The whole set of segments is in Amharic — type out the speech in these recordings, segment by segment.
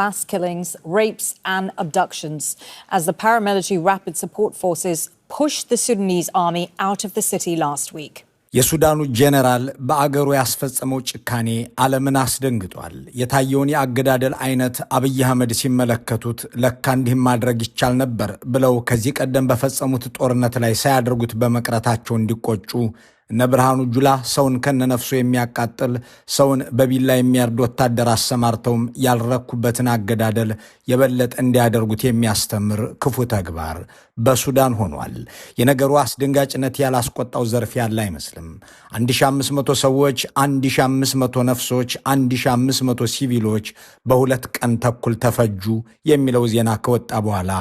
mass killings, rapes, and abductions as the paramilitary rapid support forces pushed the Sudanese army out of the city last week. የሱዳኑ ጄኔራል በአገሩ ያስፈጸመው ጭካኔ ዓለምን አስደንግጧል። የታየውን የአገዳደል አይነት አብይ አህመድ ሲመለከቱት ለካ እንዲህም ማድረግ ይቻል ነበር ብለው ከዚህ ቀደም በፈጸሙት ጦርነት ላይ ሳያደርጉት በመቅረታቸው እንዲቆጩ እነ ብርሃኑ ጁላ ሰውን ከነነፍሱ የሚያቃጥል ሰውን በቢላ የሚያርድ ወታደር አሰማርተውም ያልረኩበትን አገዳደል የበለጠ እንዲያደርጉት የሚያስተምር ክፉ ተግባር በሱዳን ሆኗል። የነገሩ አስደንጋጭነት ያላስቆጣው ዘርፍ ያለ አይመስልም። 1500 ሰዎች፣ 1500 ነፍሶች፣ 1500 ሲቪሎች በሁለት ቀን ተኩል ተፈጁ የሚለው ዜና ከወጣ በኋላ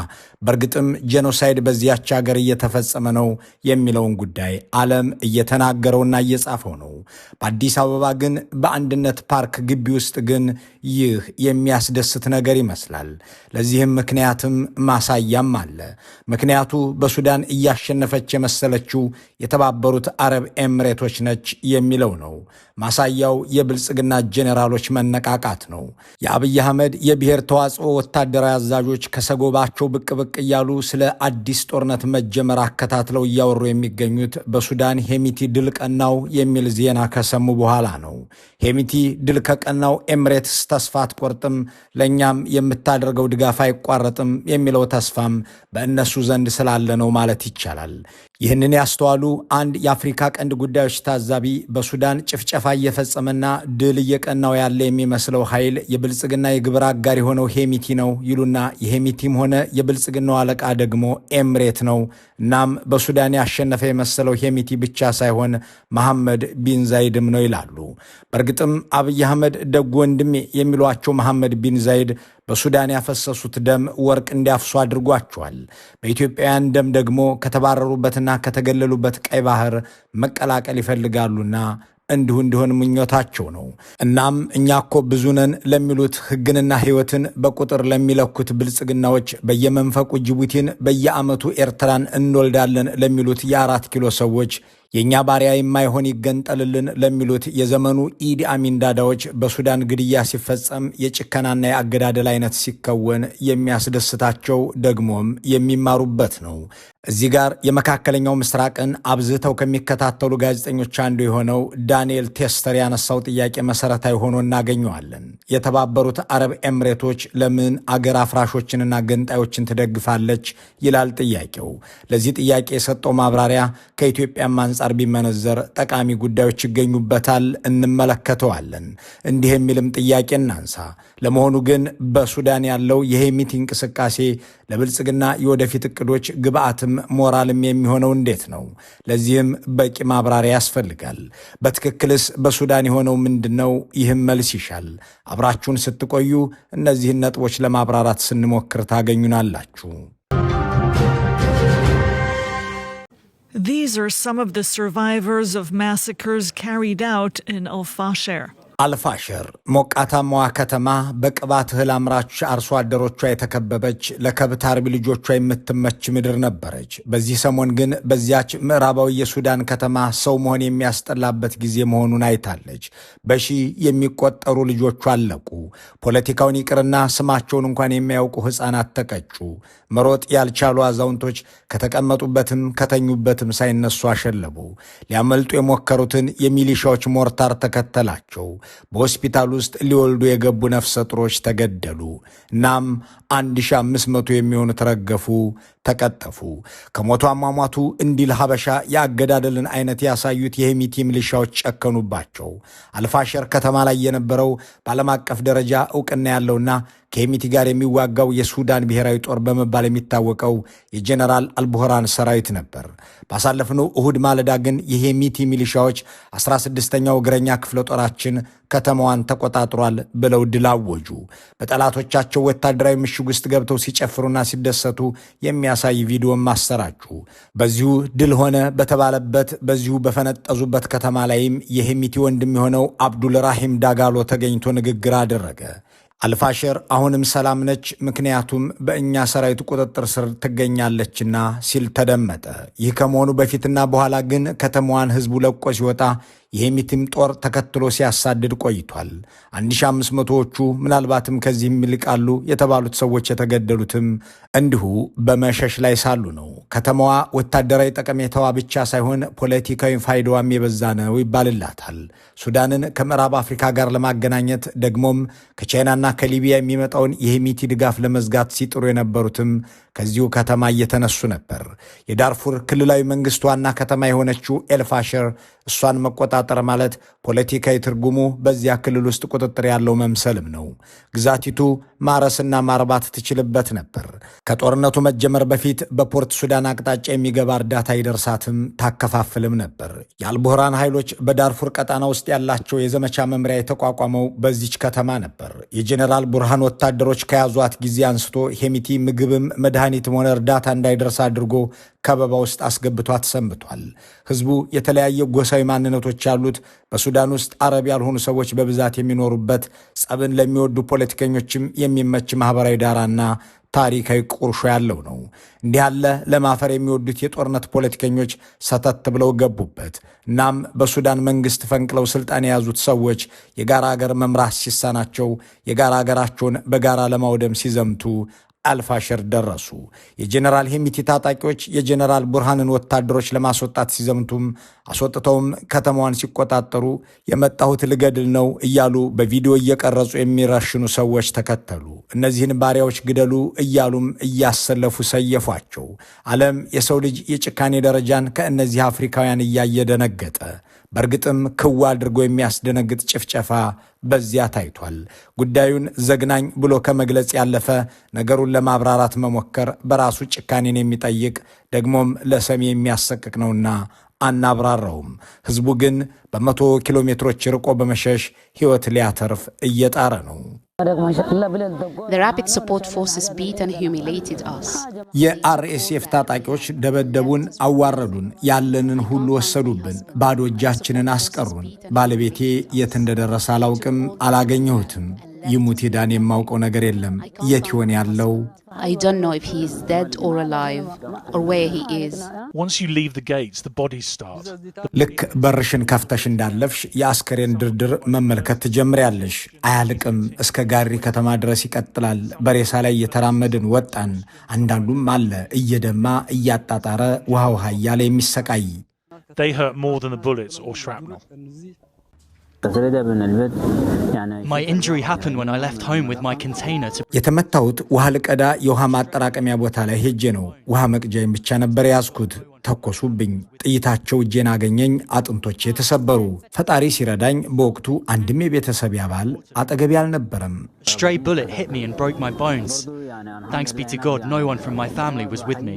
በእርግጥም ጄኖሳይድ በዚያች ሀገር እየተፈጸመ ነው የሚለውን ጉዳይ ዓለም እየተ እየተናገረውና እየጻፈው ነው። በአዲስ አበባ ግን በአንድነት ፓርክ ግቢ ውስጥ ግን ይህ የሚያስደስት ነገር ይመስላል። ለዚህም ምክንያትም ማሳያም አለ። ምክንያቱ በሱዳን እያሸነፈች የመሰለችው የተባበሩት አረብ ኤምሬቶች ነች የሚለው ነው። ማሳያው የብልጽግና ጄኔራሎች መነቃቃት ነው። የአብይ አህመድ የብሔር ተዋጽኦ ወታደራዊ አዛዦች ከሰጎባቸው ብቅ ብቅ እያሉ ስለ አዲስ ጦርነት መጀመር አከታትለው እያወሩ የሚገኙት በሱዳን ሄሚቲ ድል ቀናው የሚል ዜና ከሰሙ በኋላ ነው። ሄሚቲ ድል ከቀናው ኤምሬትስ ተስፋ አትቆርጥም፣ ለእኛም የምታደርገው ድጋፍ አይቋረጥም የሚለው ተስፋም በእነሱ ዘንድ ስላለ ነው ማለት ይቻላል። ይህንን ያስተዋሉ አንድ የአፍሪካ ቀንድ ጉዳዮች ታዛቢ በሱዳን ጭፍጨፋ እየፈጸመና ድል እየቀናው ያለ የሚመስለው ኃይል የብልጽግና የግብር አጋር የሆነው ሄሚቲ ነው ይሉና የሄሚቲም ሆነ የብልጽግናው አለቃ ደግሞ ኤምሬት ነው። እናም በሱዳን ያሸነፈ የመሰለው ሄሚቲ ብቻ ሳይሆን መሐመድ ቢን ዛይድም ነው ይላሉ። በእርግጥም አብይ አህመድ ደጎ ወንድሜ የሚሏቸው መሐመድ ቢን ዛይድ በሱዳን ያፈሰሱት ደም ወርቅ እንዲያፍሱ አድርጓቸዋል። በኢትዮጵያውያን ደም ደግሞ ከተባረሩበትና ከተገለሉበት ቀይ ባህር መቀላቀል ይፈልጋሉና እንዲሁ እንዲሆን ምኞታቸው ነው። እናም እኛ እኮ ብዙ ነን ለሚሉት ሕግንና ሕይወትን በቁጥር ለሚለኩት ብልጽግናዎች በየመንፈቁ ጅቡቲን በየዓመቱ ኤርትራን እንወልዳለን ለሚሉት የአራት ኪሎ ሰዎች የእኛ ባሪያ የማይሆን ይገንጠልልን ለሚሉት የዘመኑ ኢዲ አሚን ዳዳዎች በሱዳን ግድያ ሲፈጸም የጭከናና የአገዳደል አይነት ሲከወን የሚያስደስታቸው ደግሞም የሚማሩበት ነው። እዚህ ጋር የመካከለኛው ምስራቅን አብዝተው ከሚከታተሉ ጋዜጠኞች አንዱ የሆነው ዳንኤል ቴስተር ያነሳው ጥያቄ መሰረታዊ ሆኖ እናገኘዋለን። የተባበሩት አረብ ኤምሬቶች ለምን አገር አፍራሾችንና ገንጣዮችን ትደግፋለች? ይላል ጥያቄው። ለዚህ ጥያቄ የሰጠው ማብራሪያ ከኢትዮጵያም አንጻር ቢመነዘር ጠቃሚ ጉዳዮች ይገኙበታል፣ እንመለከተዋለን። እንዲህ የሚልም ጥያቄ እናንሳ። ለመሆኑ ግን በሱዳን ያለው የሄሚቲ እንቅስቃሴ ለብልጽግና የወደፊት እቅዶች ግብአት ስርዓትም ሞራልም የሚሆነው እንዴት ነው? ለዚህም በቂ ማብራሪያ ያስፈልጋል። በትክክልስ በሱዳን የሆነው ምንድን ነው? ይህም መልስ ይሻል። አብራችሁን ስትቆዩ እነዚህን ነጥቦች ለማብራራት ስንሞክር ታገኙናላችሁ። These are some of the survivors of massacres carried out in al fashir አልፋሸር ሞቃታማዋ ከተማ በቅባት እህል አምራች አርሶ አደሮቿ የተከበበች ለከብት አርቢ ልጆቿ የምትመች ምድር ነበረች። በዚህ ሰሞን ግን በዚያች ምዕራባዊ የሱዳን ከተማ ሰው መሆን የሚያስጠላበት ጊዜ መሆኑን አይታለች። በሺህ የሚቆጠሩ ልጆቿ አለቁ። ፖለቲካውን ይቅርና ስማቸውን እንኳን የሚያውቁ ሕፃናት ተቀጩ። መሮጥ ያልቻሉ አዛውንቶች ከተቀመጡበትም ከተኙበትም ሳይነሱ አሸለቡ። ሊያመልጡ የሞከሩትን የሚሊሻዎች ሞርታር ተከተላቸው። በሆስፒታል ውስጥ ሊወልዱ የገቡ ነፍሰ ጡሮች ተገደሉ። እናም 1500 የሚሆኑ ተረገፉ፣ ተቀጠፉ። ከሞቱ አሟሟቱ እንዲል ሀበሻ የአገዳደልን አይነት ያሳዩት የሄሚቲ ሚሊሻዎች ጨከኑባቸው። አልፋሸር ከተማ ላይ የነበረው በዓለም አቀፍ ደረጃ እውቅና ያለውና ከሄሚቲ ጋር የሚዋጋው የሱዳን ብሔራዊ ጦር በመባል የሚታወቀው የጀነራል አልቡህራን ሰራዊት ነበር። ባሳለፍነው እሁድ ማለዳ ግን የሄሚቲ ሚሊሻዎች 16ኛው እግረኛ ክፍለ ጦራችን ከተማዋን ተቆጣጥሯል ብለው ድል አወጁ። በጠላቶቻቸው ወታደራዊ ምሽግ ውስጥ ገብተው ሲጨፍሩና ሲደሰቱ የሚያሳይ ቪዲዮም አሰራጩ። በዚሁ ድል ሆነ በተባለበት በዚሁ በፈነጠዙበት ከተማ ላይም የሄሚቲ ወንድም የሆነው አብዱልራሂም ዳጋሎ ተገኝቶ ንግግር አደረገ። አልፋሸር አሁንም ሰላም ነች፣ ምክንያቱም በእኛ ሰራዊት ቁጥጥር ስር ትገኛለችና ሲል ተደመጠ። ይህ ከመሆኑ በፊትና በኋላ ግን ከተማዋን ህዝቡ ለቆ ሲወጣ የሄሚቲም ጦር ተከትሎ ሲያሳድድ ቆይቷል። 1500ዎቹ ምናልባትም ከዚህም ይልቃሉ የተባሉት ሰዎች የተገደሉትም እንዲሁ በመሸሽ ላይ ሳሉ ነው። ከተማዋ ወታደራዊ ጠቀሜታዋ ብቻ ሳይሆን ፖለቲካዊ ፋይዳዋም የበዛ ነው ይባልላታል። ሱዳንን ከምዕራብ አፍሪካ ጋር ለማገናኘት ደግሞም ከቻይናና ከሊቢያ የሚመጣውን የሄሚቲ ድጋፍ ለመዝጋት ሲጥሩ የነበሩትም ከዚሁ ከተማ እየተነሱ ነበር። የዳርፉር ክልላዊ መንግስት ዋና ከተማ የሆነችው ኤልፋሽር እሷን መቆጣጠር ማለት ፖለቲካዊ ትርጉሙ በዚያ ክልል ውስጥ ቁጥጥር ያለው መምሰልም ነው። ግዛቲቱ ማረስና ማርባት ትችልበት ነበር። ከጦርነቱ መጀመር በፊት በፖርት ሱዳን አቅጣጫ የሚገባ እርዳታ ይደርሳትም ታከፋፍልም ነበር። የአልቡርሃን ኃይሎች በዳርፉር ቀጣና ውስጥ ያላቸው የዘመቻ መምሪያ የተቋቋመው በዚች ከተማ ነበር። የጀኔራል ቡርሃን ወታደሮች ከያዟት ጊዜ አንስቶ ሄሚቲ ምግብም መድ መድኃኒትም ሆነ እርዳታ እንዳይደርስ አድርጎ ከበባ ውስጥ አስገብቷት ሰንብቷል። ህዝቡ የተለያየ ጎሳዊ ማንነቶች ያሉት በሱዳን ውስጥ አረብ ያልሆኑ ሰዎች በብዛት የሚኖሩበት ጸብን ለሚወዱ ፖለቲከኞችም የሚመች ማህበራዊ ዳራና ታሪካዊ ቁርሾ ያለው ነው። እንዲህ ያለ ለማፈር የሚወዱት የጦርነት ፖለቲከኞች ሰተት ብለው ገቡበት። እናም በሱዳን መንግስት ፈንቅለው ስልጣን የያዙት ሰዎች የጋራ አገር መምራት ሲሳናቸው የጋራ አገራቸውን በጋራ ለማውደም ሲዘምቱ አልፋሸር ደረሱ። የጀነራል ሄሚቲ ታጣቂዎች የጀነራል ቡርሃንን ወታደሮች ለማስወጣት ሲዘምቱም አስወጥተውም ከተማዋን ሲቆጣጠሩ የመጣሁት ልገድል ነው እያሉ በቪዲዮ እየቀረጹ የሚረሽኑ ሰዎች ተከተሉ። እነዚህን ባሪያዎች ግደሉ እያሉም እያሰለፉ ሰየፏቸው። ዓለም የሰው ልጅ የጭካኔ ደረጃን ከእነዚህ አፍሪካውያን እያየ ደነገጠ። በእርግጥም ክው አድርጎ የሚያስደነግጥ ጭፍጨፋ በዚያ ታይቷል። ጉዳዩን ዘግናኝ ብሎ ከመግለጽ ያለፈ ነገሩን ለማብራራት መሞከር በራሱ ጭካኔን የሚጠይቅ ደግሞም ለሰሚ የሚያሰቅቅ ነውና አናብራራውም። ህዝቡ ግን በመቶ ኪሎ ሜትሮች ርቆ በመሸሽ ሕይወት ሊያተርፍ እየጣረ ነው። የአርኤስኤፍ ታጣቂዎች ደበደቡን፣ አዋረዱን፣ ያለንን ሁሉ ወሰዱብን፣ ባዶ እጃችንን አስቀሩን። ባለቤቴ የት እንደደረሰ አላውቅም፣ አላገኘሁትም። ይሙት ይዳን የማውቀው ነገር የለም። የት ይሆን ያለው? ልክ በርሽን ከፍተሽ እንዳለፍሽ የአስከሬን ድርድር መመልከት ትጀምሪያለሽ። አያልቅም፣ እስከ ጋሪ ከተማ ድረስ ይቀጥላል። በሬሳ ላይ እየተራመድን ወጣን። አንዳንዱም አለ እየደማ እያጣጣረ ውሃ ውሃ እያለ የሚሰቃይ የተመታሁት ውሃ ልቀዳ የውሃ ማጠራቀሚያ ቦታ ላይ ሄጄ ነው። ውሃ መቅጃዬን ብቻ ነበር የያዝኩት። ተኮሱብኝ። ጥይታቸው እጄን አገኘኝ። አጥንቶቼ ተሰበሩ። ፈጣሪ ሲረዳኝ በወቅቱ አንድም የቤተሰብ አባል አጠገቤ አልነበረም። stray bullet hit me and broke my bones. Thanks be to God, no one from my family was with me.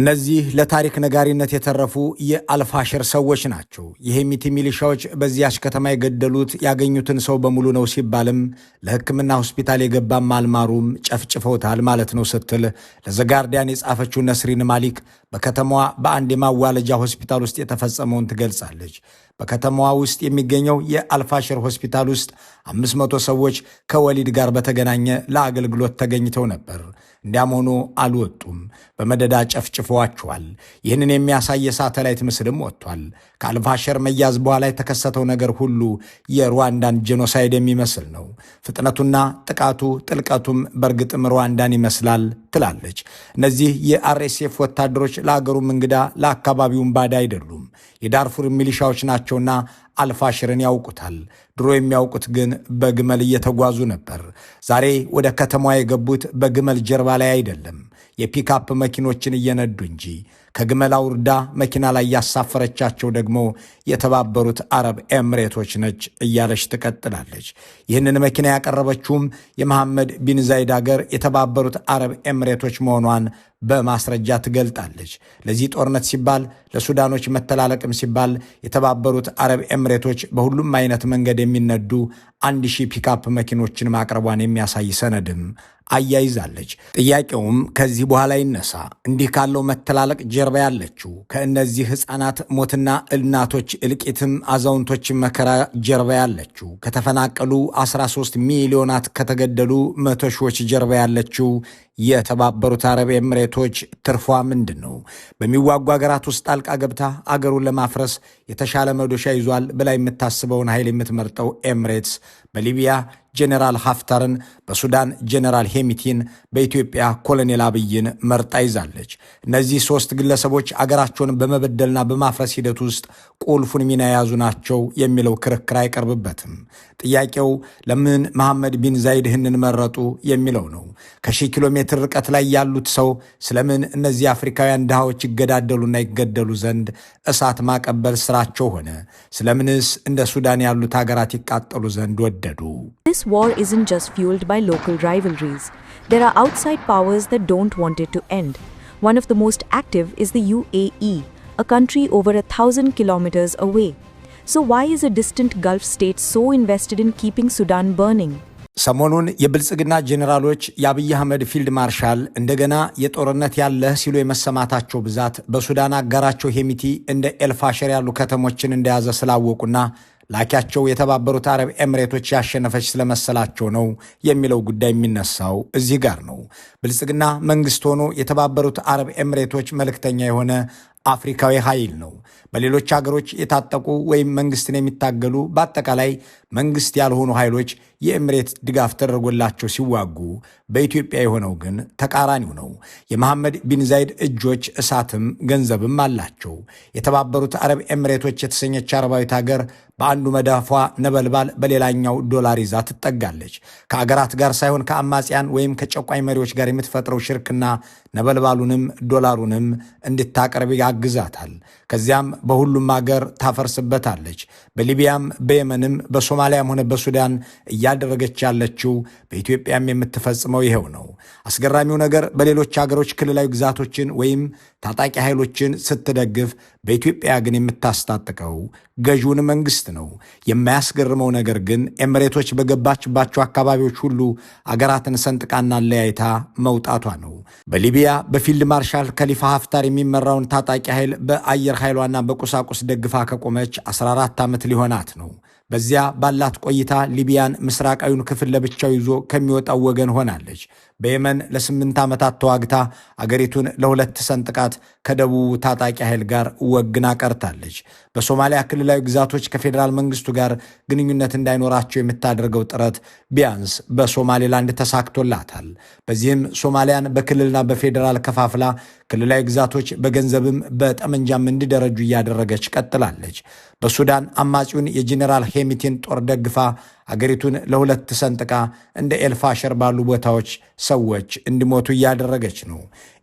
እነዚህ ለታሪክ ነጋሪነት የተረፉ የአልፋሽር ሰዎች ናቸው። የሄሚቲ ሚሊሻዎች በዚያች ከተማ የገደሉት ያገኙትን ሰው በሙሉ ነው ሲባልም ለሕክምና ሆስፒታል የገባም አልማሩም ጨፍጭፈውታል ማለት ነው ስትል ለዘጋርዲያን የጻፈችው ነስሪን ማሊክ በከተማዋ በአንድ የማዋለጃ ሆስፒታል ውስጥ የተፈጸመውን ትገልጻለች። በከተማዋ ውስጥ የሚገኘው የአልፋሽር ሆስፒታል ውስጥ 500 ሰዎች ከወሊድ ጋር በተገናኘ ለአገልግሎት ተገኝተው ነበር። እንዲያም ሆኖ አልወጡም። በመደዳ ጨፍጭፈዋቸዋል። ይህንን የሚያሳይ የሳተላይት ምስልም ወጥቷል። ከአልፋሸር መያዝ በኋላ የተከሰተው ነገር ሁሉ የሩዋንዳን ጄኖሳይድ የሚመስል ነው። ፍጥነቱና ጥቃቱ ጥልቀቱም በእርግጥም ሩዋንዳን ይመስላል ትላለች። እነዚህ የአርኤስኤፍ ወታደሮች ለአገሩም እንግዳ ለአካባቢውም ባዳ አይደሉም። የዳርፉር ሚሊሻዎች ናቸውና አልፋሽርን ያውቁታል። ድሮ የሚያውቁት ግን በግመል እየተጓዙ ነበር። ዛሬ ወደ ከተማዋ የገቡት በግመል ጀርባ ላይ አይደለም፣ የፒካፕ መኪኖችን እየነዱ እንጂ ከግመል አውርዳ መኪና ላይ ያሳፈረቻቸው ደግሞ የተባበሩት አረብ ኤምሬቶች ነች እያለች ትቀጥላለች። ይህንን መኪና ያቀረበችውም የመሐመድ ቢን ዛይድ አገር የተባበሩት አረብ ኤምሬቶች መሆኗን በማስረጃ ትገልጣለች። ለዚህ ጦርነት ሲባል ለሱዳኖች መተላለቅም ሲባል የተባበሩት አረብ ኤምሬቶች በሁሉም አይነት መንገድ የሚነዱ አንድ ሺህ ፒካፕ መኪኖችን ማቅረቧን የሚያሳይ ሰነድም አያይዛለች። ጥያቄውም ከዚህ በኋላ ይነሳ እንዲህ ካለው መተላለቅ ጀ ጀርባ ያለችው ከእነዚህ ሕፃናት ሞትና እናቶች እልቂትም አዛውንቶችን መከራ ጀርባ ያለችው ከተፈናቀሉ 13 ሚሊዮናት ከተገደሉ መቶ ሺዎች ጀርባ ያለችው የተባበሩት አረብ ኤምሬቶች ትርፏ ምንድን ነው? በሚዋጉ ሀገራት ውስጥ ጣልቃ ገብታ አገሩን ለማፍረስ የተሻለ መዶሻ ይዟል ብላ የምታስበውን ኃይል የምትመርጠው ኤምሬትስ በሊቢያ ጄኔራል ሀፍታርን፣ በሱዳን ጄኔራል ሄሚቲን፣ በኢትዮጵያ ኮሎኔል አብይን መርጣ ይዛለች። እነዚህ ሶስት ግለሰቦች አገራቸውን በመበደልና በማፍረስ ሂደት ውስጥ ቁልፉን ሚና የያዙ ናቸው የሚለው ክርክር አይቀርብበትም። ጥያቄው ለምን መሐመድ ቢን ዛይድ ይህንን መረጡ የሚለው ነው። ከሺህ ኪሎ ሜትር ርቀት ላይ ያሉት ሰው ስለምን እነዚህ አፍሪካውያን ድሃዎች ይገዳደሉና ይገደሉ ዘንድ እሳት ማቀበል ስራቸው ሆነ? ስለምንስ እንደ ሱዳን ያሉት ሀገራት ይቃጠሉ ዘንድ ወደዱ? This war isn't just fueled by local rivalries. There are outside powers that don't want it to end. One of the most active is the UAE, a country over a thousand kilometers away. why is a distant Gulf state so invested in keeping Sudan burning? ሰሞኑን የብልጽግና ጄኔራሎች የአብይ አህመድ ፊልድ ማርሻል እንደገና የጦርነት ያለህ ሲሉ የመሰማታቸው ብዛት በሱዳን አጋራቸው ሄሚቲ እንደ ኤልፋሸር ያሉ ከተሞችን እንደያዘ ስላወቁና ላኪያቸው የተባበሩት አረብ ኤምሬቶች ያሸነፈች ስለመሰላቸው ነው የሚለው ጉዳይ የሚነሳው እዚህ ጋር ነው። ብልጽግና መንግስት ሆኖ የተባበሩት አረብ ኤምሬቶች መልእክተኛ የሆነ አፍሪካዊ ኃይል ነው። በሌሎች ሀገሮች የታጠቁ ወይም መንግስትን የሚታገሉ በአጠቃላይ መንግስት ያልሆኑ ኃይሎች የእምሬት ድጋፍ ተደርጎላቸው ሲዋጉ፣ በኢትዮጵያ የሆነው ግን ተቃራኒው ነው። የመሐመድ ቢን ዛይድ እጆች እሳትም ገንዘብም አላቸው። የተባበሩት አረብ ኤምሬቶች የተሰኘች አረባዊት ሀገር በአንዱ መዳፏ ነበልባል በሌላኛው ዶላር ይዛ ትጠጋለች። ከአገራት ጋር ሳይሆን ከአማጽያን ወይም ከጨቋኝ መሪዎች ጋር የምትፈጥረው ሽርክና ነበልባሉንም ዶላሩንም እንድታቀርብ ያግዛታል። ከዚያም በሁሉም አገር ታፈርስበታለች። በሊቢያም በየመንም በሶማሊያም ሆነ በሱዳን እያደረገች ያለችው በኢትዮጵያም የምትፈጽመው ይኸው ነው። አስገራሚው ነገር በሌሎች አገሮች ክልላዊ ግዛቶችን ወይም ታጣቂ ኃይሎችን ስትደግፍ፣ በኢትዮጵያ ግን የምታስታጥቀው ገዢውን መንግስት ነው። የማያስገርመው ነገር ግን ኤምሬቶች በገባችባቸው አካባቢዎች ሁሉ አገራትን ሰንጥቃና ለያይታ መውጣቷ ነው። በሊቢያ በፊልድ ማርሻል ከሊፋ ሀፍታር የሚመራውን ታጣቂ ኃይል በአየር ኃይሏና በቁሳቁስ ደግፋ ከቆመች 14 ዓመት ሊሆናት ነው። በዚያ ባላት ቆይታ ሊቢያን ምስራቃዊውን ክፍል ለብቻው ይዞ ከሚወጣው ወገን ሆናለች። በየመን ለስምንት ዓመታት ተዋግታ አገሪቱን ለሁለት ሰንጥቃት ከደቡቡ ታጣቂ ኃይል ጋር ወግና ቀርታለች። በሶማሊያ ክልላዊ ግዛቶች ከፌዴራል መንግስቱ ጋር ግንኙነት እንዳይኖራቸው የምታደርገው ጥረት ቢያንስ በሶማሌላንድ ተሳክቶላታል። በዚህም ሶማሊያን በክልልና በፌዴራል ከፋፍላ ክልላዊ ግዛቶች በገንዘብም በጠመንጃም እንዲደረጁ እያደረገች ቀጥላለች። በሱዳን አማጺውን የጄኔራል ሄሚቲን ጦር ደግፋ አገሪቱን ለሁለት ሰንጥቃ እንደ ኤልፋሸር ባሉ ቦታዎች ሰዎች እንዲሞቱ እያደረገች ነው።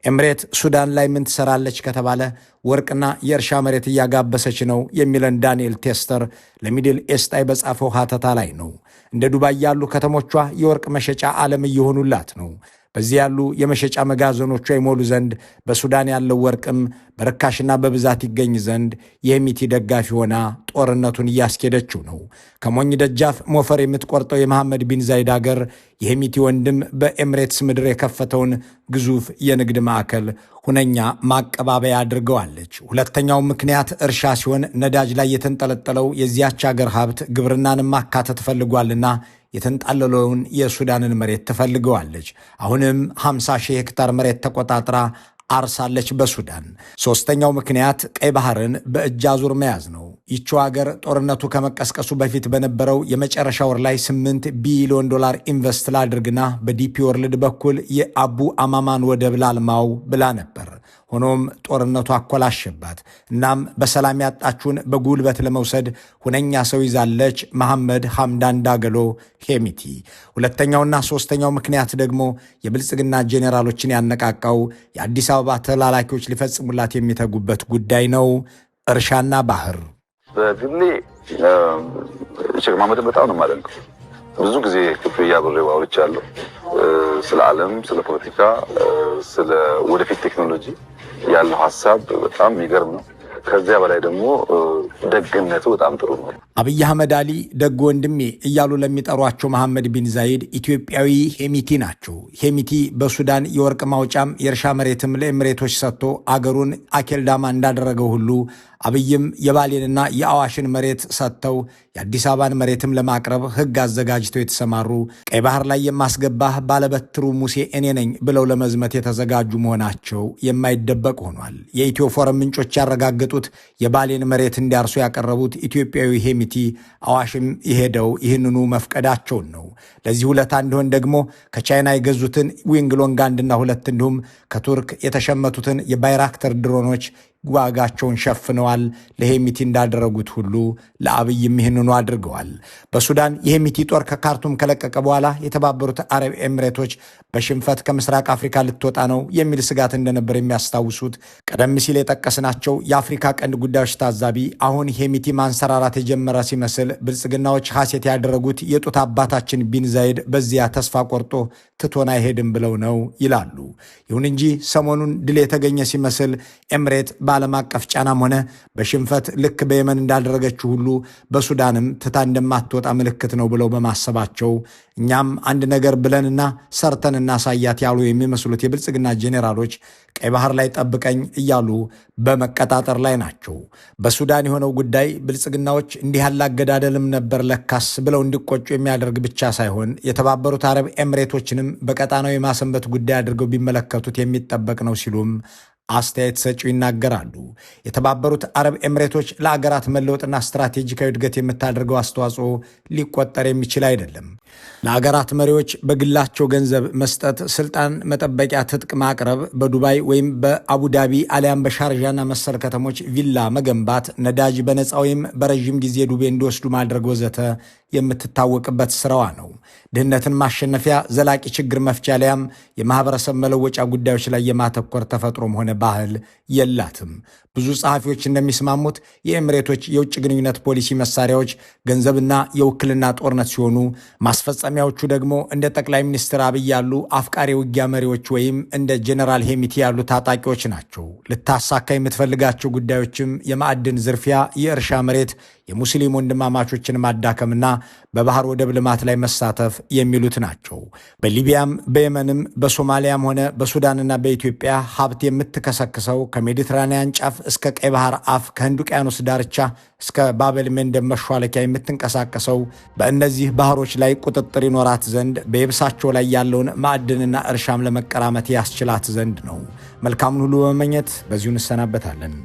ኤምሬት ሱዳን ላይ ምን ትሰራለች ከተባለ ወርቅና የእርሻ መሬት እያጋበሰች ነው የሚለን ዳንኤል ቴስተር ለሚድል ኤስጣይ በጻፈው ሀተታ ላይ ነው። እንደ ዱባይ ያሉ ከተሞቿ የወርቅ መሸጫ ዓለም እየሆኑላት ነው። በዚህ ያሉ የመሸጫ መጋዘኖቿ ይሞሉ ዘንድ በሱዳን ያለው ወርቅም በርካሽና በብዛት ይገኝ ዘንድ የሚቲ ደጋፊ ሆና ጦርነቱን እያስኬደችው ነው። ከሞኝ ደጃፍ ሞፈር የምትቆርጠው የመሐመድ ቢን ዛይድ አገር የሚቲ ወንድም በኤምሬትስ ምድር የከፈተውን ግዙፍ የንግድ ማዕከል ሁነኛ ማቀባበያ አድርገዋለች። ሁለተኛው ምክንያት እርሻ ሲሆን ነዳጅ ላይ የተንጠለጠለው የዚያች አገር ሀብት ግብርናንም ማካተት ፈልጓልና የተንጣለለውን የሱዳንን መሬት ትፈልገዋለች። አሁንም 50 ሺህ ሄክታር መሬት ተቆጣጥራ አርሳለች በሱዳን። ሦስተኛው ምክንያት ቀይ ባህርን በእጅ አዙር መያዝ ነው። ይቺው ሀገር ጦርነቱ ከመቀስቀሱ በፊት በነበረው የመጨረሻ ወር ላይ 8 ቢሊዮን ዶላር ኢንቨስት ላድርግና በዲፒ ወርልድ በኩል የአቡ አማማን ወደብ ላልማው ብላ ነበር። ሆኖም ጦርነቱ አኮላሸባት። እናም በሰላም ያጣችውን በጉልበት ለመውሰድ ሁነኛ ሰው ይዛለች። መሐመድ ሐምዳን ዳገሎ ሄሚቲ። ሁለተኛውና ሶስተኛው ምክንያት ደግሞ የብልጽግና ጄኔራሎችን ያነቃቃው የአዲስ አበባ ተላላኪዎች ሊፈጽሙላት የሚተጉበት ጉዳይ ነው፣ እርሻና ባህር በግሌ ሼክ መሐመድን በጣም ነው የማደንቀው። ብዙ ጊዜ ኢትዮጵያ ብሬ አውርቻለሁ። ስለ ዓለም፣ ስለ ፖለቲካ፣ ስለ ወደፊት ቴክኖሎጂ ያለው ሀሳብ በጣም የሚገርም ነው። ከዚያ በላይ ደግሞ ደግነቱ በጣም ጥሩ ነው። አብይ አህመድ አሊ ደግ ወንድሜ እያሉ ለሚጠሯቸው መሐመድ ቢን ዛይድ ኢትዮጵያዊ ሄሚቲ ናቸው። ሄሚቲ በሱዳን የወርቅ ማውጫም የእርሻ መሬትም ለኤምሬቶች ሰጥቶ አገሩን አኬልዳማ እንዳደረገው ሁሉ አብይም የባሌንና የአዋሽን መሬት ሰጥተው የአዲስ አበባን መሬትም ለማቅረብ ሕግ አዘጋጅተው የተሰማሩ ቀይ ባህር ላይ የማስገባህ ባለበትሩ ሙሴ እኔ ነኝ ብለው ለመዝመት የተዘጋጁ መሆናቸው የማይደበቅ ሆኗል። የኢትዮ ፎረም ምንጮች ያረጋገጡት የባሌን መሬት እንዲያርሱ ያቀረቡት ኢትዮጵያዊ ሄሚቲ አዋሽም የሄደው ይህንኑ መፍቀዳቸውን ነው። ለዚህ ሁለት እንዲሆን ደግሞ ከቻይና የገዙትን ዊንግሎንግ አንድና ሁለት እንዲሁም ከቱርክ የተሸመቱትን የባይራክተር ድሮኖች ዋጋቸውን ሸፍነዋል። ለሄሚቲ እንዳደረጉት ሁሉ ለአብይም ይህንኑ አድርገዋል። በሱዳን የሄሚቲ ጦር ከካርቱም ከለቀቀ በኋላ የተባበሩት አረብ ኤምሬቶች በሽንፈት ከምስራቅ አፍሪካ ልትወጣ ነው የሚል ስጋት እንደነበር የሚያስታውሱት ቀደም ሲል የጠቀስናቸው የአፍሪካ ቀንድ ጉዳዮች ታዛቢ አሁን ሄሚቲ ማንሰራራት የጀመረ ሲመስል ብልጽግናዎች ሐሴት ያደረጉት የጡት አባታችን ቢን ዛይድ በዚያ ተስፋ ቆርጦ ትቶን አይሄድም ብለው ነው ይላሉ። ይሁን እንጂ ሰሞኑን ድል የተገኘ ሲመስል ኤምሬት በዓለም አቀፍ ጫናም ሆነ በሽንፈት ልክ በየመን እንዳደረገችው ሁሉ በሱዳንም ትታ እንደማትወጣ ምልክት ነው ብለው በማሰባቸው እኛም አንድ ነገር ብለንና ሰርተን እናሳያት ያሉ የሚመስሉት የብልጽግና ጄኔራሎች ቀይ ባህር ላይ ጠብቀኝ እያሉ በመቀጣጠር ላይ ናቸው። በሱዳን የሆነው ጉዳይ ብልጽግናዎች እንዲህ ያለ አገዳደልም ነበር ለካስ ብለው እንዲቆጩ የሚያደርግ ብቻ ሳይሆን የተባበሩት አረብ ኤምሬቶችንም በቀጣናው የማሰንበት ጉዳይ አድርገው ቢመለከቱት የሚጠበቅ ነው ሲሉም አስተያየት ሰጪው ይናገራሉ። የተባበሩት አረብ ኤምሬቶች ለአገራት መለወጥና ስትራቴጂካዊ እድገት የምታደርገው አስተዋጽኦ ሊቆጠር የሚችል አይደለም። ለአገራት መሪዎች በግላቸው ገንዘብ መስጠት፣ ስልጣን መጠበቂያ ትጥቅ ማቅረብ፣ በዱባይ ወይም በአቡዳቢ አሊያም በሻርዣና መሰል ከተሞች ቪላ መገንባት፣ ነዳጅ በነፃ ወይም በረዥም ጊዜ ዱቤ እንዲወስዱ ማድረግ ወዘተ የምትታወቅበት ስራዋ ነው። ድህነትን ማሸነፊያ፣ ዘላቂ ችግር መፍቻ ሊያም የማህበረሰብ መለወጫ ጉዳዮች ላይ የማተኮር ተፈጥሮም ሆነ ባህል የላትም። ብዙ ጸሐፊዎች እንደሚስማሙት የኤምሬቶች የውጭ ግንኙነት ፖሊሲ መሳሪያዎች ገንዘብና የውክልና ጦርነት ሲሆኑ ማስፈጸሚያዎቹ ደግሞ እንደ ጠቅላይ ሚኒስትር አብይ ያሉ አፍቃሪ ውጊያ መሪዎች ወይም እንደ ጀኔራል ሄሚቲ ያሉ ታጣቂዎች ናቸው። ልታሳካ የምትፈልጋቸው ጉዳዮችም የማዕድን ዝርፊያ፣ የእርሻ መሬት የሙስሊም ወንድማማቾችን ማዳከምና በባህር ወደብ ልማት ላይ መሳተፍ የሚሉት ናቸው። በሊቢያም በየመንም በሶማሊያም ሆነ በሱዳንና በኢትዮጵያ ሀብት የምትከሰክሰው ከሜዲትራንያን ጫፍ እስከ ቀይ ባህር አፍ ከህንድ ውቅያኖስ ዳርቻ እስከ ባበል መንደብ መሿለኪያ የምትንቀሳቀሰው በእነዚህ ባህሮች ላይ ቁጥጥር ይኖራት ዘንድ በየብሳቸው ላይ ያለውን ማዕድንና እርሻም ለመቀራመት ያስችላት ዘንድ ነው። መልካምን ሁሉ በመመኘት በዚሁ እንሰናበታለን።